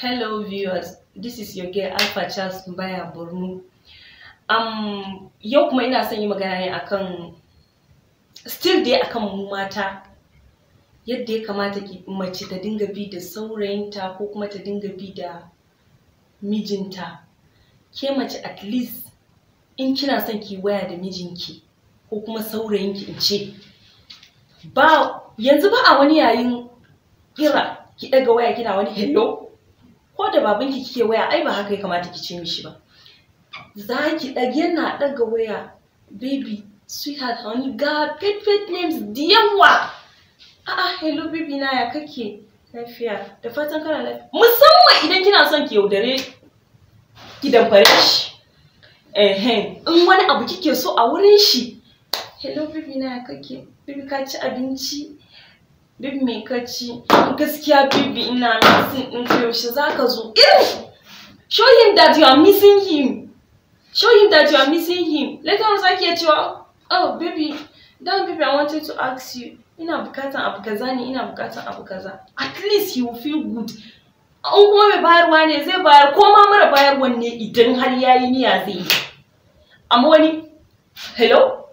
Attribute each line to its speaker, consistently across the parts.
Speaker 1: Hello viewers, this is your girl Alpha Charles Mbaya Borno. Um, yau kuma ina son yi magana ne akan still dai akan mata yadda ya kamata mace ta dinga bi da saurayinta ko kuma ta dinga bi da mijinta. Ke mace at least in kina son ki waya da mijinki ko kuma saurayinki in ce ba yanzu ba a wani yayin kira ki daga waya kina wani hello ko da babanki kike waya ai ba haka ya kamata ki ce mishi ba za ki ɗage yana daga waya baby sweetheart honey ga pet pet names da yawa a'a hello baby na ya kake lafiya da fatan kana lafiya musamman idan kina son ki yaudare ki fare shi eh in wani abu kike so a wurin shi hello baby na ya kake baby ka ci abinci duk me ka ci gaskiya bibi ina missing din ka yaushe ka zo irin show him that you are missing him show him that you are missing him later on zaki iya cewa oh baby don baby i wanted to ask you ina bukatan abu kaza ne ina bukatan abu kaza at least he will feel good an kuma mai bayarwa ne zai bayar ko ma mara bayarwan ne idan har yi niyya zai yi amma wani hello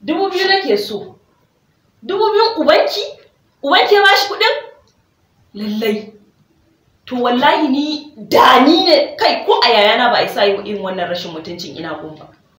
Speaker 1: dubu biyu nake so dubu biyun ubanki ubanki ya bashi kuɗin lallai to wallahi ni da ni ne kai ko a yayana ba a isa yi irin wannan rashin mutuncin ina gumba